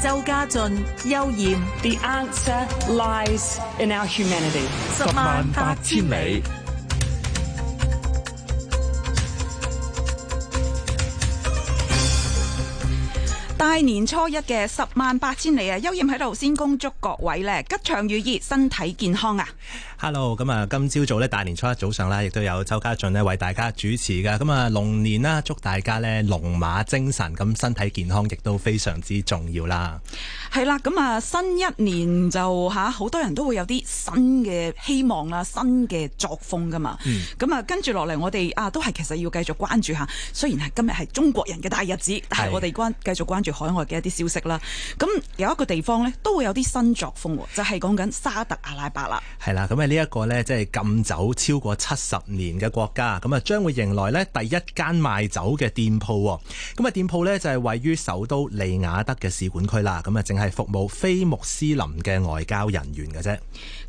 周家俊、邱艷，The answer lies in our humanity。十萬八千里，大年初一嘅十萬八千里啊！邱艷喺度先恭祝各位咧，吉祥如意，身體健康啊！Hello，咁啊，今朝早咧大年初一早上啦，亦都有周家俊呢，為大家主持嘅。咁啊龍年啦，祝大家咧龍馬精神，咁身體健康，亦都非常之重要啦。係啦，咁啊新一年就吓好多人都會有啲新嘅希望啦，新嘅作風噶嘛。咁、嗯、啊跟住落嚟，我哋啊都係其實要繼續關注一下，雖然係今日係中國人嘅大日子，但係我哋關繼續關注海外嘅一啲消息啦。咁有一個地方咧，都會有啲新作風，就係講緊沙特阿拉伯啦。係啦，咁呢、這、一個呢，即係禁酒超過七十年嘅國家，咁啊將會迎來呢第一間賣酒嘅店鋪。咁啊店鋪呢，就係位於首都利雅德嘅使管區啦。咁啊，淨係服務非穆斯林嘅外交人員嘅啫。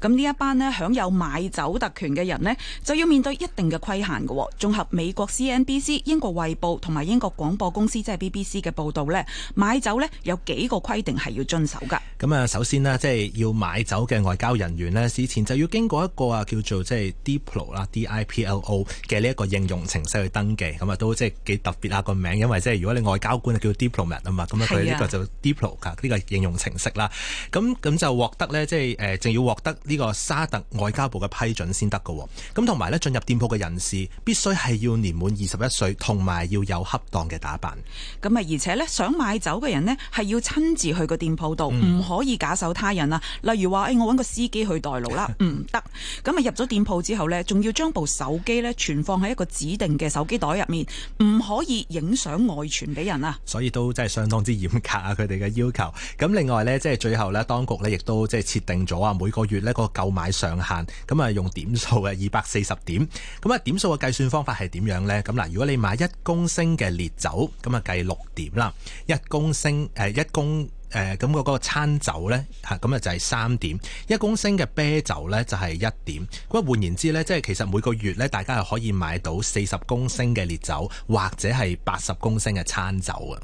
咁呢一班呢，享有買酒特權嘅人呢，就要面對一定嘅規限嘅。綜合美國 CNBC、英國《衛報》同埋英國廣播公司即係、就是、BBC 嘅報導呢，買酒呢，有幾個規定係要遵守㗎。咁啊，首先呢，即係要買酒嘅外交人員呢，事前就要經嗰一個啊叫做即係 Diplo 啦 Diplo 嘅呢一個應用程式去登記咁啊都即係幾特別啊個名，因為即係如果你外交官就叫 diplomat 啊嘛，咁啊佢呢個就 Diplo 啊呢個應用程式啦，咁咁就獲得咧即係誒，仲、就是呃、要獲得呢個沙特外交部嘅批准先得㗎喎，咁同埋咧進入店鋪嘅人士必須係要年滿二十一歲，同埋要有恰當嘅打扮，咁啊而且咧想買酒嘅人呢係要親自去個店鋪度，唔可以假手他人啊，例如話誒、哎、我揾個司機去代勞啦，嗯 咁啊入咗店鋪之後呢，仲要將部手機呢存放喺一個指定嘅手機袋入面，唔可以影相外傳俾人啊！所以都真係相當之嚴格啊！佢哋嘅要求。咁另外呢，即係最後呢，當局呢亦都即係設定咗啊，每個月呢個購買上限，咁啊用點數嘅二百四十點。咁啊點數嘅計算方法係點樣呢？咁嗱，如果你買一公升嘅烈酒，咁啊計六點啦，一公升誒一公。誒、呃、咁、那個那個餐酒呢，嚇，咁啊就係三點一公升嘅啤酒呢，就係、是、一點。咁換換言之呢，即係其實每個月呢，大家係可以買到四十公升嘅烈酒或者係八十公升嘅餐酒啊。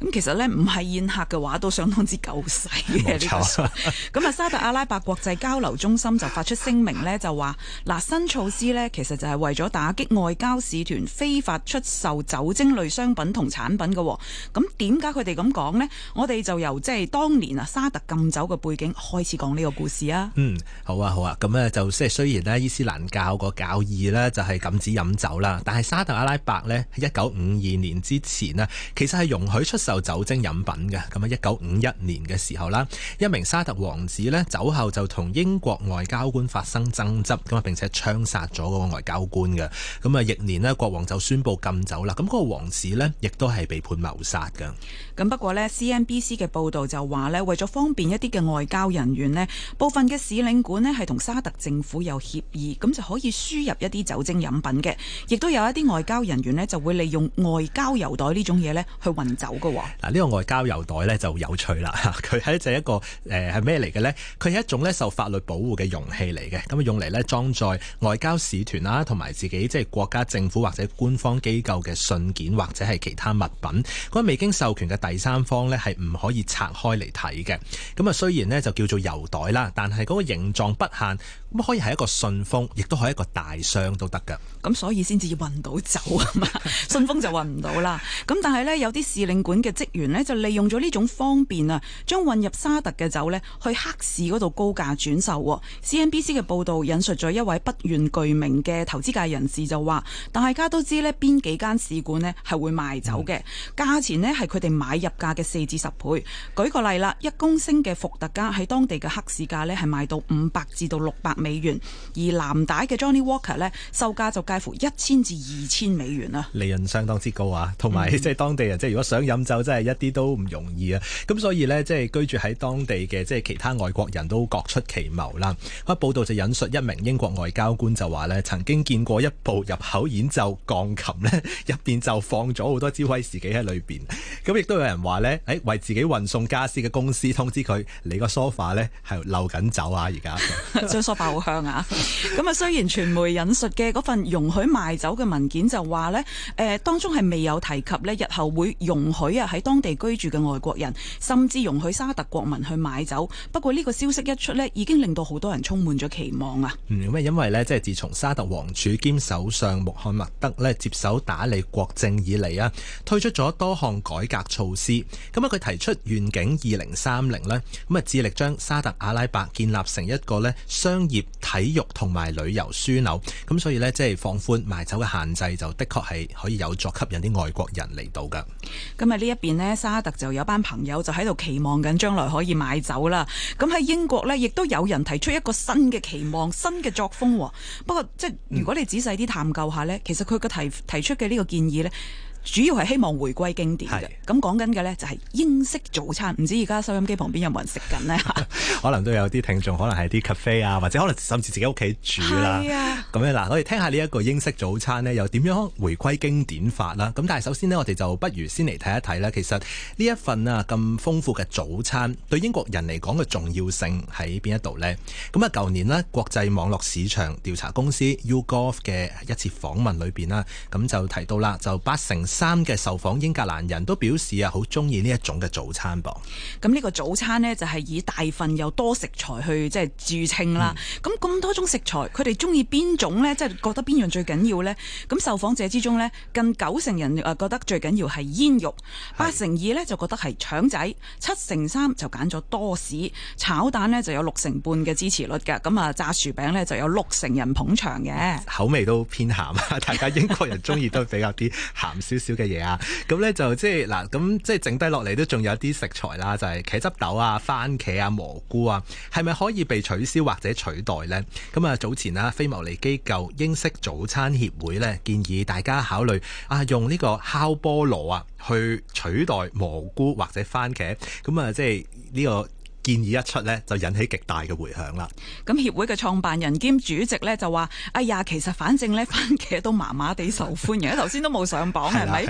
咁、嗯、其實呢，唔係宴客嘅話都相當之夠細嘅呢。咁啊沙特阿拉伯國際交流中心就發出聲明呢 就話嗱，新措施呢，其實就係為咗打擊外交使團非法出售酒精類商品同產品嘅、哦。咁點解佢哋咁講呢？我哋就由即係當年啊，沙特禁酒嘅背景，開始講呢個故事啊。嗯，好啊，好啊。咁咧就即係雖然咧伊斯蘭教個教義咧就係禁止飲酒啦，但係沙特阿拉伯咧喺一九五二年之前呢，其實係容許出售酒精飲品嘅。咁啊，一九五一年嘅時候啦，一名沙特王子咧酒後就同英國外交官發生爭執，咁啊，並且槍殺咗個外交官嘅。咁啊，翌年呢，國王就宣布禁酒啦。咁、那、嗰個王子咧，亦都係被判謀殺㗎。咁不過呢，CNBC 嘅報道就話呢，為咗方便一啲嘅外交人員呢，部分嘅使領館呢係同沙特政府有協議，咁就可以輸入一啲酒精飲品嘅，亦都有一啲外交人員呢，就會利用外交郵袋種呢種嘢呢去運走嘅、哦。嗱,呢個外交郵袋呢就有趣啦，佢係就一個誒係咩嚟嘅呢？佢係一種呢受法律保護嘅容器嚟嘅，咁用嚟呢裝載外交使團啦，同埋自己即係國家政府或者官方機構嘅信件或者係其他物品。嗰未經授權嘅第三方咧，係唔可以拆開嚟睇嘅。咁啊，雖然咧就叫做郵袋啦，但係嗰個形狀不限。咁可以係一個信封，亦都可以係一個大箱都得㗎。咁所以先至運到酒啊嘛， 信封就運唔到啦。咁 但係呢，有啲使領館嘅職員呢，就利用咗呢種方便啊，將運入沙特嘅酒呢，去黑市嗰度高價轉售。CNBC 嘅報導引述咗一位不願具名嘅投資界人士就話，大家都知呢邊幾間使館呢係會賣酒嘅，價錢呢係佢哋買入價嘅四至十倍。舉個例啦，一公升嘅伏特加喺當地嘅黑市價呢，係賣到五百至到六百美元，而南大嘅 Johnny Walker 呢，售價就介乎一千至二千美元啦。利潤相當之高啊，同埋即係當地人，即係如果想飲酒真係一啲都唔容易啊。咁所以呢，即、就、係、是、居住喺當地嘅即係其他外國人都各出奇謀啦。佢報報道就引述一名英國外交官就話呢，曾經見過一部入口演奏鋼琴呢，入邊就放咗好多支威士忌喺裏邊。咁亦都有人話呢，誒、哎、為自己運送家私嘅公司通知佢，你個梳化呢，係係漏緊酒啊，而家將走向啊！咁啊，雖然傳媒引述嘅嗰份容許賣酒嘅文件就話呢，誒當中係未有提及呢，日後會容許啊喺當地居住嘅外國人，甚至容許沙特國民去買酒。不過呢個消息一出呢，已經令到好多人充滿咗期望啊！咁、嗯、喂，因為呢，即係自從沙特王儲兼首相穆罕默德呢接手打理國政以嚟啊，推出咗多項改革措施。咁啊，佢提出願景二零三零呢，咁啊致力將沙特阿拉伯建立成一個呢商業。體育同埋旅遊樞紐，咁所以呢，即係放寬賣酒嘅限制，就的確係可以有助吸引啲外國人嚟到噶。今日呢一邊呢，沙特就有班朋友就喺度期望緊將來可以買酒啦。咁喺英國呢，亦都有人提出一個新嘅期望、新嘅作風、哦。不過，即係如果你仔細啲探究下呢、嗯，其實佢嘅提提出嘅呢個建議呢。主要係希望回歸經典嘅，咁講緊嘅呢，就係英式早餐，唔知而家收音機旁邊有冇人食緊呢？ 可能都有啲聽眾，可能係啲咖啡啊，或者可能甚至自己屋企煮啦。咁樣嗱，我哋聽下呢一個英式早餐呢，又點樣回歸經典法啦？咁但係首先呢，我哋就不如先嚟睇一睇啦，其實呢一份啊咁豐富嘅早餐，對英國人嚟講嘅重要性喺邊一度呢？咁啊，舊年呢，國際網絡市場調查公司 YouGov 嘅一次訪問裏面啦，咁就提到啦，就八成三嘅受訪英格蘭人都表示啊，好中意呢一種嘅早餐噃。咁呢個早餐呢，就係、是、以大份又多食材去即係著稱啦。咁、嗯、咁多種食材，佢哋中意邊種呢？即係覺得邊樣最緊要呢？咁受訪者之中呢，近九成人啊覺得最緊要係煙肉，八成二呢，就覺得係腸仔，七成三就揀咗多士，炒蛋呢，就有六成半嘅支持率嘅。咁啊炸薯餅呢，就有六成人捧場嘅。口味都偏鹹啊！大家英國人中意都比較啲鹹少。 少嘅嘢啊，咁呢就即係嗱，咁即係剩低落嚟都仲有啲食材啦，就係、是、茄汁豆啊、番茄啊、蘑菇啊，係咪可以被取消或者取代呢？咁啊，早前啊，非牟利機構英式早餐協會呢，建議大家考慮啊，用呢個烤菠蘿啊去取代蘑菇或者番茄，咁啊，即係呢個。建議一出呢，就引起極大嘅迴響啦。咁協會嘅創辦人兼主席呢，就話：哎呀，其實反正呢，番茄都麻麻地受歡迎，頭 先都冇上榜係咪？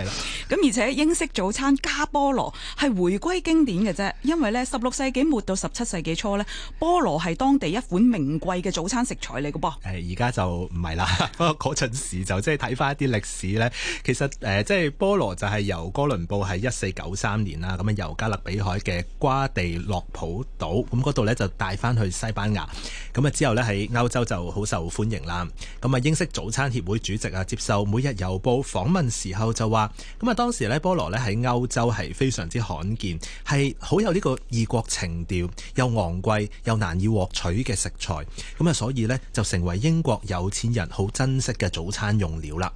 咁 而且英式早餐加菠蘿係回歸經典嘅啫，因為呢，十六世紀末到十七世紀初呢，菠蘿係當地一款名貴嘅早餐食材嚟嘅噃。而家就唔係啦，嗰陣時就即係睇翻一啲歷史呢。其實即係、呃即係、菠蘿就係由哥倫布喺一四九三年啦，咁啊由加勒比海嘅瓜地洛普。咁嗰度咧就帶翻去西班牙，咁啊之後咧喺歐洲就好受歡迎啦。咁啊英式早餐協會主席啊接受《每日郵報》訪問時候就話：咁啊當時咧菠蘿咧喺歐洲係非常之罕見，係好有呢個異國情調，又昂貴又難以獲取嘅食材，咁啊所以呢，就成為英國有錢人好珍惜嘅早餐用料啦。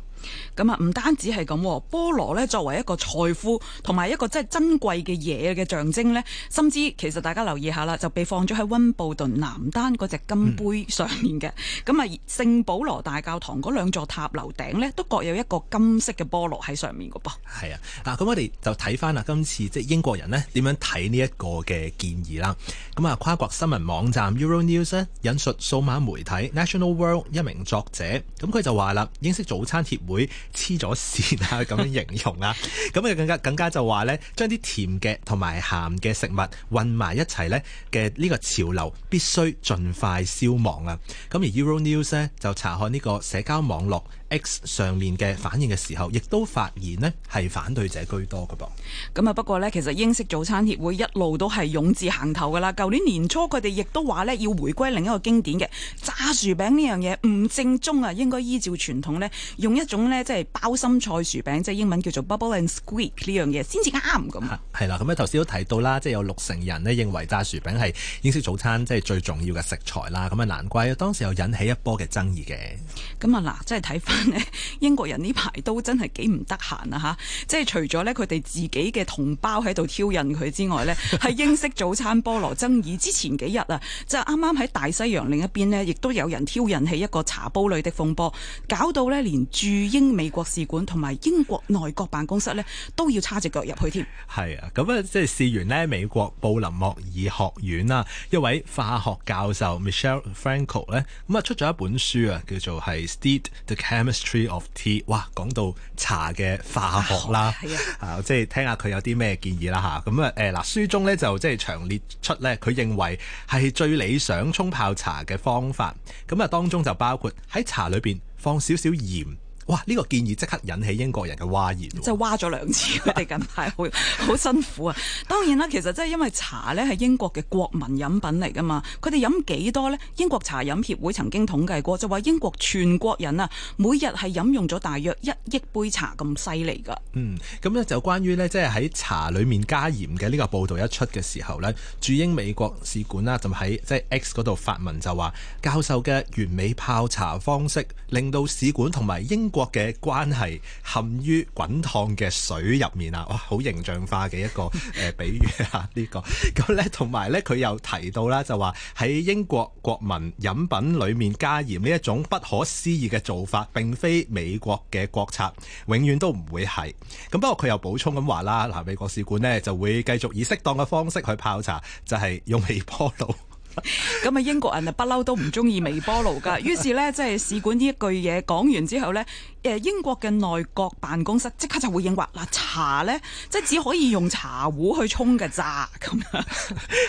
咁啊，唔單止係咁，菠蘿咧作為一個財富，同埋一個即係珍貴嘅嘢嘅象徵咧，甚至其實大家留意下啦，就被放咗喺溫布頓男單嗰隻金杯上面嘅。咁、嗯、啊，聖保羅大教堂嗰兩座塔樓頂咧，都各有一個金色嘅菠蘿喺上面噶噃。係啊，啊咁我哋就睇翻啦，今次即係英國人呢，點樣睇呢一個嘅建議啦。咁啊，跨國新聞網站 Euro News 引述數碼媒體 National World 一名作者，咁佢就話啦，英式早餐協會會黐咗線啊，咁樣形容啊，咁啊更加更加就話咧，將啲甜嘅同埋鹹嘅食物混埋一齊咧嘅呢個潮流必須盡快消亡啊！咁而 Euro News 咧就查看呢個社交網絡。X 上面嘅反應嘅時候，亦都發現呢係反對者居多㗎噃。咁、嗯、啊，不過呢，其實英式早餐協會一路都係勇字行頭㗎啦。舊年年初，佢哋亦都話呢要回歸另一個經典嘅炸薯餅呢樣嘢，唔正宗啊，應該依照傳統呢，用一種呢即係包心菜薯餅，即係英文叫做 bubble and squeak 呢樣嘢先至啱咁。係啦，咁啊頭先都提到啦，即係有六成人呢認為炸薯餅係英式早餐即係最重要嘅食材啦。咁啊，難怪當時又引起一波嘅爭議嘅。咁、嗯、啊嗱，即係睇翻。 英國人呢排都真係幾唔得閒啊！吓，即係除咗呢佢哋自己嘅同胞喺度挑釁佢之外呢係 英式早餐菠蘿爭議之前幾日啊，就啱啱喺大西洋另一邊呢，亦都有人挑釁起一個茶煲裏的風波，搞到呢連駐英美國使館同埋英國內閣辦公室呢，都要叉隻腳入去添。係 啊，咁啊，即係試完呢美國布林莫爾學院啊一位化學教授 Michelle Franco 呢，咁啊出咗一本書啊，叫做係《Steep the Can》。The、chemistry of tea，哇，講到茶嘅化學啦，啊，啊，即係聽下佢有啲咩建議啦吓。咁啊，誒嗱，啊，書中咧就即係、就是、長列出咧，佢認為係最理想沖泡茶嘅方法。咁啊，當中就包括喺茶裏邊放少少鹽。哇！呢個建議即刻引起英國人嘅譁言，即係譁咗兩次，佢 哋近排好好辛苦啊。當然啦，其實即係因為茶呢係英國嘅國民飲品嚟噶嘛，佢哋飲幾多呢？英國茶飲協會曾經統計過，就話英國全國人啊，每日係飲用咗大約一億杯茶咁犀利噶。嗯，咁呢就關於呢，即係喺茶裡面加鹽嘅呢個報導一出嘅時候呢，駐英美國使館啦就喺即係 X 嗰度發文就話，教授嘅完美泡茶方式令到使館同埋英美國嘅關係陷於滾燙嘅水入面啊！哇，好形象化嘅一個誒、呃、比喻啊！這個、那呢個咁咧，同埋咧佢又提到啦，就話喺英國國民飲品裏面加鹽呢一種不可思議嘅做法，並非美國嘅國策，永遠都唔會係。咁不過佢又補充咁話啦，嗱、啊，美國使館呢就會繼續以適當嘅方式去泡茶，就係、是、用微波爐。咁 啊、就是，英國人啊，不嬲都唔中意微波爐噶。於是呢，即係試管呢一句嘢講完之後呢，誒英國嘅內閣辦公室即刻就回應話：嗱，茶呢，即、就、係、是、只可以用茶壺去沖嘅咋。咁樣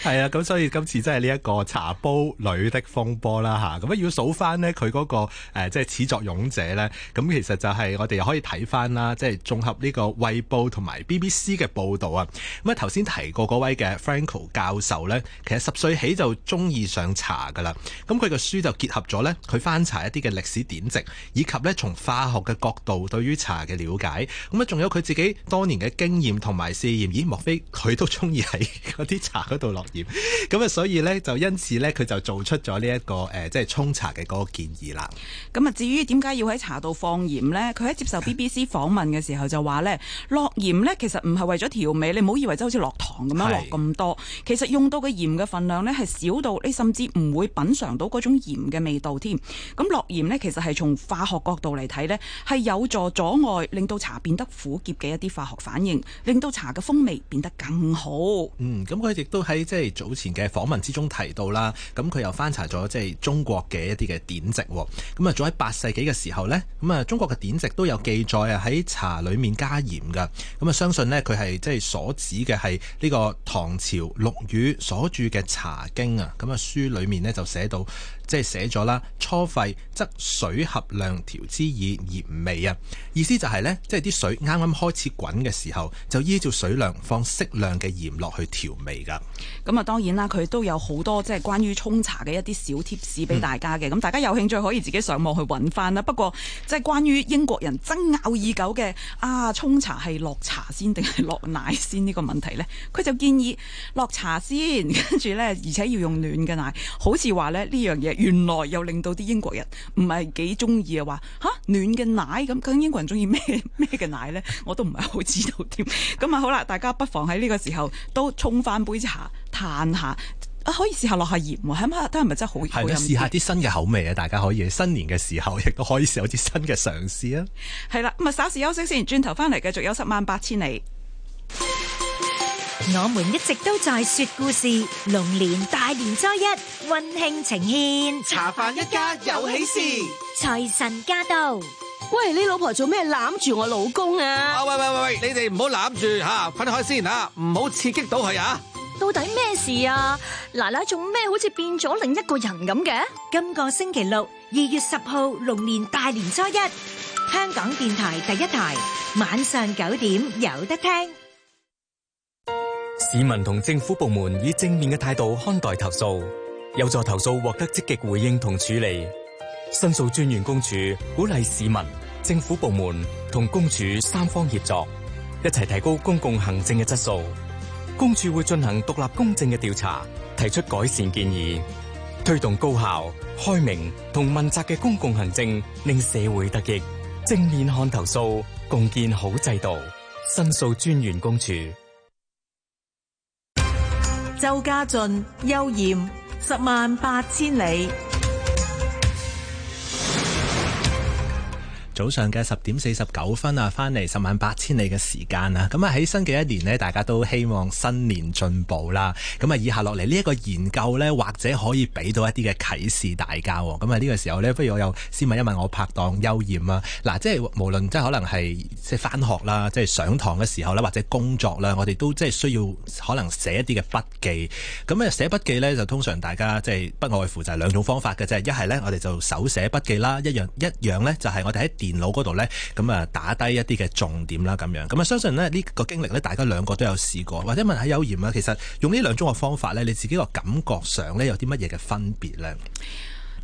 係啊，咁所以今次真係呢一個茶煲裏的風波啦吓，咁啊，要數翻呢、那個，佢嗰個即係始作俑者呢。咁其實就係我哋可以睇翻啦，即係綜合呢個《衛報》同埋 BBC 嘅報導啊。咁啊，頭先提過嗰位嘅 Frankel 教授呢，其實十歲起就中中意上茶噶啦，咁佢個書就結合咗呢，佢翻查一啲嘅歷史典籍，以及呢，從化學嘅角度對於茶嘅了解，咁啊仲有佢自己當年嘅經驗同埋試驗，咦？莫非佢都中意喺嗰啲茶嗰度落鹽？咁啊，所以呢，就因此呢，佢就做出咗呢一個誒、呃，即係沖茶嘅嗰個建議啦。咁啊，至於點解要喺茶度放鹽呢？佢喺接受 BBC 訪問嘅時候就話呢落鹽呢，其實唔係為咗調味，你唔好以為就好似落糖咁樣落咁多，其實用到嘅鹽嘅份量呢，係少。到你甚至唔會品嚐到嗰種鹽嘅味道添。咁落鹽呢，其實係從化學角度嚟睇呢，係有助阻礙令到茶變得苦澀嘅一啲化學反應，令到茶嘅風味變得更好。嗯，咁佢亦都喺即係早前嘅訪問之中提到啦。咁佢又翻查咗即係中國嘅一啲嘅典籍。咁啊，早喺八世紀嘅時候呢，咁啊，中國嘅典籍都有記載啊，喺茶裏面加鹽噶。咁啊，相信呢，佢係即係所指嘅係呢個唐朝陸羽所著嘅《茶經》啊。咁啊，書裏面咧就寫到，即係寫咗啦。初沸則水合量調之以鹽味啊，意思就係呢，即係啲水啱啱開始滾嘅時候，就依照水量放適量嘅鹽落去調味噶。咁、嗯、啊，當然啦，佢都有好多即係關於沖茶嘅一啲小貼士俾大家嘅。咁大家有興趣可以自己上網去揾翻啦。不過，即係關於英國人爭拗已久嘅啊，沖茶係落茶先定係落奶先呢個問題呢，佢就建議落茶先，跟住呢，而且要用暖嘅奶，好似話咧呢樣嘢，原來又令到啲英國人唔係幾中意啊！話吓暖嘅奶咁，咁英國人中意咩咩嘅奶咧？我都唔係好知道添。咁 啊好啦，大家不妨喺呢個時候都沖翻杯茶，嘆下，可以試下落下鹽，睇下睇下係咪真係好飲。係啦，試下啲新嘅口味啊！大家可以新年嘅時候亦都可以試下啲新嘅嘗試啊。係啦，咁啊稍事休息先，轉頭翻嚟繼續有十萬八千里。我們一直都在說故事。龍年大年初一，溫馨呈現，茶飯一家有喜事，財神駕到。喂，你老婆做咩攬住我老公啊？喂喂喂喂，你哋唔好攬住吓，分開先吓，唔好刺激到佢啊！到底咩事啊？奶奶做咩好似變咗另一個人咁嘅？今個星期六，二月十號，龍年大年初一，香港電台第一台晚上九點有得聽。市民同政府部門以正面嘅態度看待投訴，有助投訴獲得積極回應同處理。申訴專員公署鼓勵市民、政府部門同公署三方協作，一齊提高公共行政嘅質素。公署會進行獨立公正嘅調查，提出改善建議，推動高效、開明同問責嘅公共行政，令社會得益。正面看投訴，共建好制度。申訴專員公署。周家俊、邱艷，十萬八千里。早上嘅十點四十九分啊，翻嚟十萬八千里嘅時間啊，咁啊喺新嘅一年呢，大家都希望新年進步啦。咁啊，以下落嚟呢一個研究呢，或者可以俾到一啲嘅啟示大家。咁啊，呢個時候呢，不如我又先問一問我拍檔優艷啊。嗱，即係無論即係可能係即係翻學啦，即係上堂嘅時候啦，或者工作啦，我哋都即係需要可能寫一啲嘅筆記。咁啊，寫筆記呢，就通常大家即係、就是、不外乎就係兩種方法嘅啫，一係呢，我哋就手寫筆記啦，一樣一樣呢，就係、是、我哋喺。電腦嗰度呢，咁啊打低一啲嘅重點啦，咁樣，咁啊相信呢呢個經歷呢，大家兩個都有試過，或者問下優賢啦，其實用呢兩種嘅方法呢，你自己個感覺上呢，有啲乜嘢嘅分別呢？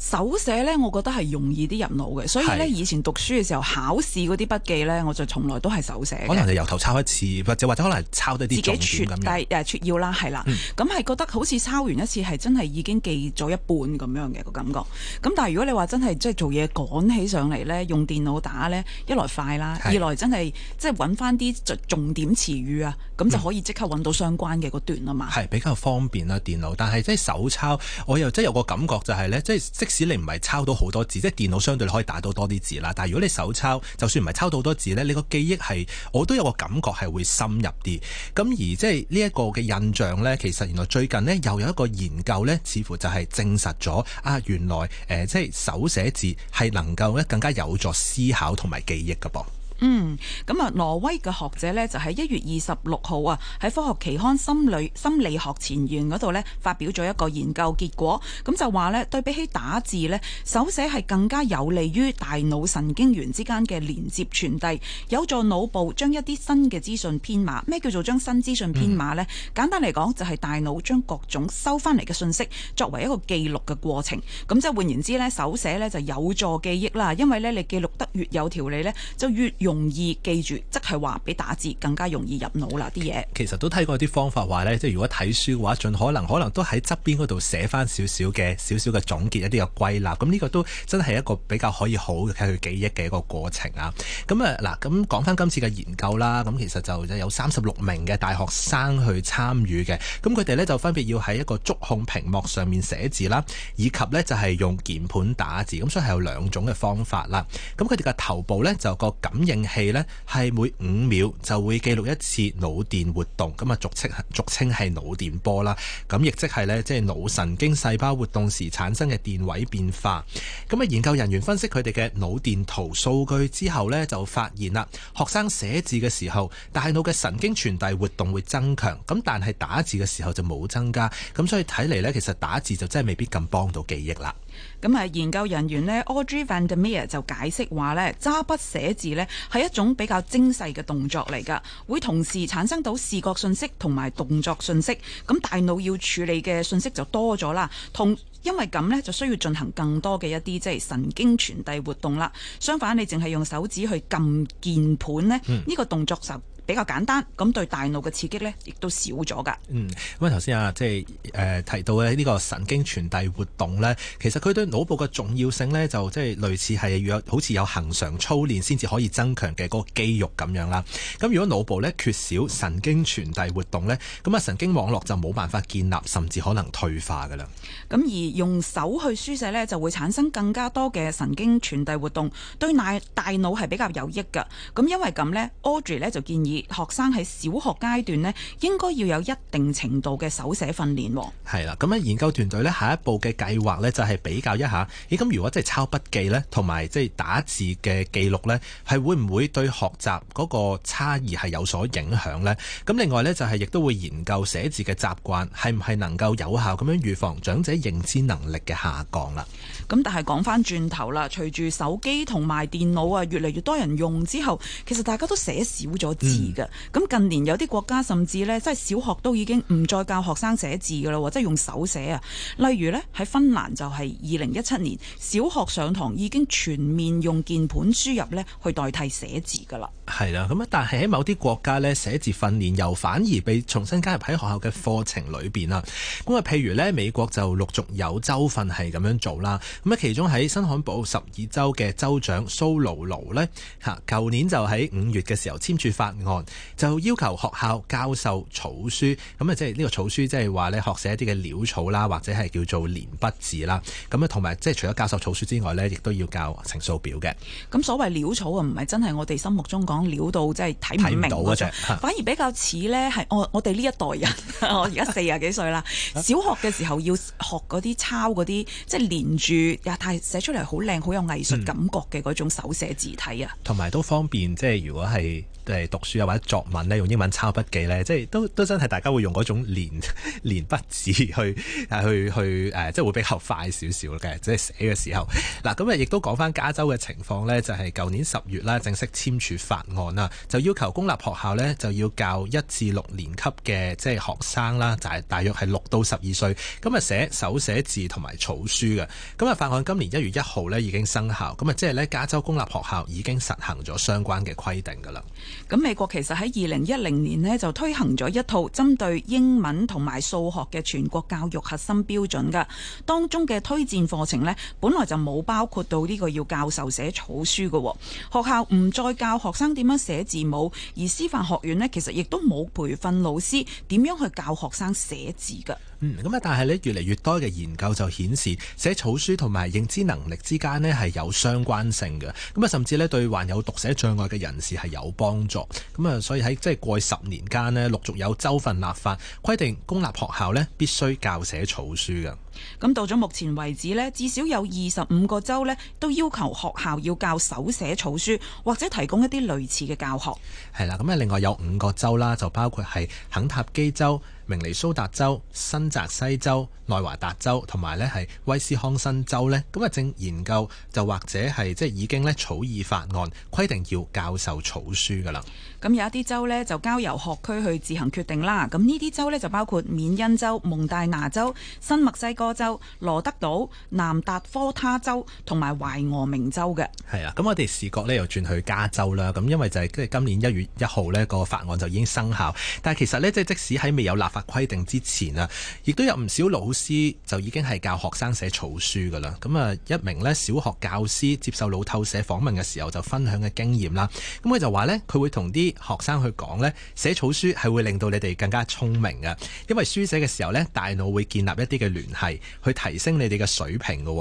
手寫咧，我覺得係容易啲入腦嘅，所以咧以前讀書嘅時候考試嗰啲筆記咧，我就從來都係手寫。可能就由頭抄一次，或者或者可能係抄多啲重點咁樣。自己撮大誒撮要啦，係啦，咁、嗯、係覺得好似抄完一次係真係已經記咗一半咁樣嘅、嗰個、感覺。咁但係如果你話真係即係做嘢趕起上嚟咧，用電腦打咧，一來快啦，二來真係即係揾翻啲就、重點詞語啊，咁、嗯、就可以即刻揾到相關嘅嗰段啊嘛。係比較方便啦電腦，但係即係手抄我又即係有個感覺就係、是、咧，即係即，即。即使你唔係抄到好多字，即係電腦相對你可以打到多啲字啦。但係如果你手抄，就算唔係抄到好多字呢，你個記憶係我都有個感覺係會深入啲。咁而即係呢一個嘅印象呢，其實原來最近呢又有一個研究呢，似乎就係證實咗啊，原來誒、呃、即係手寫字係能夠呢更加有助思考同埋記憶噶噃。嗯，咁啊，挪威嘅學者咧就喺一月二十六號啊，喺《科學期刊心理心理學前沿》嗰度咧發表咗一個研究結果，咁就話咧對比起打字咧，手寫係更加有利於大腦神經元之間嘅連接傳遞，有助腦部將一啲新嘅資訊編碼。咩叫做將新資訊編碼咧？簡單嚟講就係、是、大腦將各種收翻嚟嘅信息作為一個記錄嘅過程。咁即換言之咧，手寫咧就有助記憶啦，因為咧你記錄得越有條理咧，就越容容易記住，即係話比打字更加容易入腦啦啲嘢。其實都睇過啲方法話呢，即係如果睇書嘅話，盡可能可能都喺側邊嗰度寫返少少嘅少少嘅總結一啲嘅歸納。咁、嗯、呢、這個都真係一個比較可以好睇佢記憶嘅一個過程啊。咁啊嗱，咁講返今次嘅研究啦，咁、嗯、其實就有三十六名嘅大學生去參與嘅。咁佢哋呢，就分別要喺一個觸控屏幕上面寫字啦，以及呢就係、是、用鍵盤打字。咁、嗯、所以係有兩種嘅方法啦。咁佢哋嘅頭部呢，就有個感應。係呢，係每五秒就會記錄一次腦電活動，咁啊，俗稱俗稱係腦電波啦。咁亦即係呢，即係腦神經細胞活動時產生嘅電位變化。咁啊，研究人員分析佢哋嘅腦電圖數據之後呢，就發現啦，學生寫字嘅時候，大腦嘅神經傳遞活動會增強，咁但係打字嘅時候就冇增加。咁所以睇嚟呢，其實打字就真係未必咁幫到記憶啦。咁啊，研究人員呢 Audrey Vandermeer 就解釋話咧，揸筆寫字咧係一種比較精細嘅動作嚟噶，會同時產生到視覺信息同埋動作信息，咁大腦要處理嘅信息就多咗啦。同因為咁咧，就需要進行更多嘅一啲即係神經傳遞活動啦。相反，你淨係用手指去撳鍵盤呢，呢個動作就比較簡單，咁對大腦嘅刺激呢亦都少咗噶。嗯，咁啊頭先啊，即係、呃、提到呢個神經傳遞活動呢，其實佢對腦部嘅重要性呢，就即係類似係要有好似有恒常操練先至可以增強嘅嗰個肌肉咁樣啦。咁如果腦部呢缺少神經傳遞活動呢，咁啊神經網絡就冇辦法建立，甚至可能退化噶啦。咁而用手去書寫呢，就會產生更加多嘅神經傳遞活動，對大腦係比較有益噶。咁因為咁呢，Audrey 呢就建議。學生喺小學階段咧，應該要有一定程度嘅手寫訓練。係啦，咁樣研究團隊呢下一步嘅計劃呢就係比較一下咦，咁如果即係抄筆記呢同埋即係打字嘅記錄呢係會唔會對學習嗰個差異係有所影響呢？咁另外呢就係亦都會研究寫字嘅習慣係唔係能夠有效咁樣預防長者認知能力嘅下降啦。咁但係講翻轉頭啦，隨住手機同埋電腦啊越嚟越多人用之後，其實大家都寫少咗字㗎。咁、嗯、近年有啲國家甚至呢，即係小學都已經唔再教學生寫字㗎啦，即係用手寫啊。例如呢喺芬蘭就係二零一七年小學上堂已經全面用鍵盤輸入呢去代替寫字。噶啦，係啦，咁啊，但係喺某啲國家咧，寫字訓練又反而被重新加入喺學校嘅課程裏邊啊。咁啊，譬如咧，美國就陸續有州份係咁樣做啦。咁啊，其中喺新罕布什爾州嘅州長蘇努努咧嚇，舊年就喺五月嘅時候簽署法案，就要求學校教授草書。咁啊，即係呢個草書，即係話咧學寫一啲嘅潦草啦，或者係叫做連筆字啦。咁啊，同埋即係除咗教授草書之外咧，亦都要教乘數表嘅。咁所謂潦草啊，唔係真係我哋心中講料到，即係睇唔明嗰種，反而比較似咧，係我我哋呢一代人， 我而家四廿幾歲啦。小學嘅時候要學嗰啲抄嗰啲，即係連住，但係寫出嚟好靚、好有藝術感覺嘅嗰種手寫字體啊。同埋都方便，即係如果係誒讀書或者作文咧，用英文抄筆記咧，即係都都真係大家會用嗰種連連筆字去去去誒、呃，即係會比較快少少嘅，即係寫嘅時候。嗱 咁啊，亦都講翻加州嘅情況咧，就係、是、舊年十月啦，正式簽。處法案啦，就要求公立學校呢，就要教一至六年級嘅即係學生啦，就係大約係六到十二歲，咁啊寫手寫字同埋草書嘅。咁啊，法案今年一月一號呢已經生效，咁啊即係呢，加州公立學校已經實行咗相關嘅規定噶啦。咁美國其實喺二零一零年呢，就推行咗一套針對英文同埋數學嘅全國教育核心標準噶，當中嘅推薦課程呢，本來就冇包括到呢個要教授寫草書嘅，學校唔再教。教學生點樣寫字母，而師範學院咧，其實亦都冇培訓老師點樣去教學生寫字噶。嗯，咁啊，但係咧，越嚟越多嘅研究就顯示寫草書同埋認知能力之間咧係有相關性嘅，咁啊，甚至咧對患有讀寫障礙嘅人士係有幫助。咁啊，所以喺即係過十年間咧，陸續有州份立法規定公立學校咧必須教寫草書嘅。咁到咗目前為止咧，至少有二十五個州咧都要求學校要教手寫草書，或者提供一啲類似嘅教學。係啦，咁啊，另外有五個州啦，就包括係肯塔基州。明尼蘇達州、新澤西州、內華達州同埋咧係威斯康辛州呢，咁啊正研究就或者係即係已經咧草擬法案，規定要教授草書噶啦。咁有一啲州呢，就交由學區去自行決定啦。咁呢啲州呢，就包括緬因州、蒙大拿州、新墨西哥州、羅德島、南達科他州同埋懷俄明州嘅。係啊，咁我哋視角呢，又轉去加州啦。咁因為就係即係今年一月一號呢個法案就已經生效，但係其實呢，即係即使喺未有立法規定之前啊，亦都有唔少老師就已經係教學生寫草書㗎喇。咁啊，一名咧小學教師接受路透社訪問嘅時候，就分享嘅經驗啦。咁佢就話呢佢會同啲學生去講呢寫草書係會令到你哋更加聰明嘅，因為書寫嘅時候呢，大腦會建立一啲嘅聯繫，去提升你哋嘅水平嘅。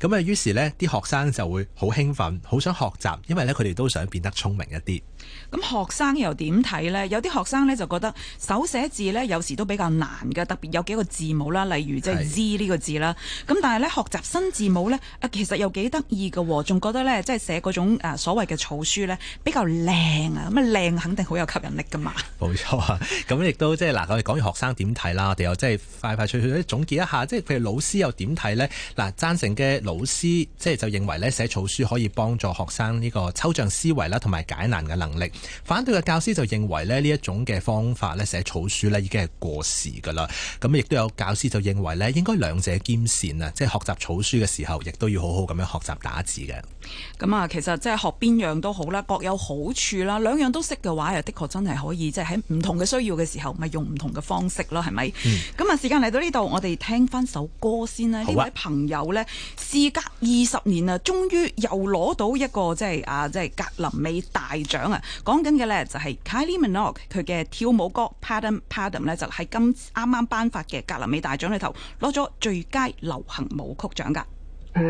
咁啊，於是呢啲學生就會好興奮，好想學習，因為呢佢哋都想變得聰明一啲。咁學生又點睇呢？有啲學生呢，就覺得手寫字呢，有時都比較難嘅，特別有幾個字母啦，例如即係 Z 呢個字啦。咁但係咧，學習新字母咧，啊其實又幾得意嘅喎，仲覺得咧即係寫嗰種所謂嘅草書咧比較靚啊！咁啊靚肯定好有吸引力噶嘛。冇錯啊！咁亦都即係嗱，我哋講完學生點睇啦，我哋又即係快快脆脆咧總結一下，即係譬如老師又點睇咧？嗱，贊成嘅老師即係、就是、就認為咧寫草書可以幫助學生呢個抽象思維啦，同埋解難嘅能力。反對嘅教師就認為咧呢一種嘅方法咧寫草書咧已經係過過時噶啦，咁亦都有教師就認為咧，應該兩者兼善啊，即係學習草書嘅時候，亦都要好好咁樣學習打字嘅。咁、嗯、啊、嗯，其實即係學邊樣都好啦，各有好處啦。兩樣都識嘅話，又的確真係可以，即係喺唔同嘅需要嘅時候，咪用唔同嘅方式咯，係咪？咁、嗯、啊，時間嚟到呢度，我哋聽翻首歌先啦。呢位、啊、朋友呢，事隔二十年啊，終於又攞到一個即係啊，即係格林美大獎啊！講緊嘅呢，就係、是、Kylie Minogue 佢嘅跳舞歌《Padam Padam》咧，就喺今啱啱頒發嘅格林美大獎裏頭攞咗最佳流行舞曲獎噶。嗯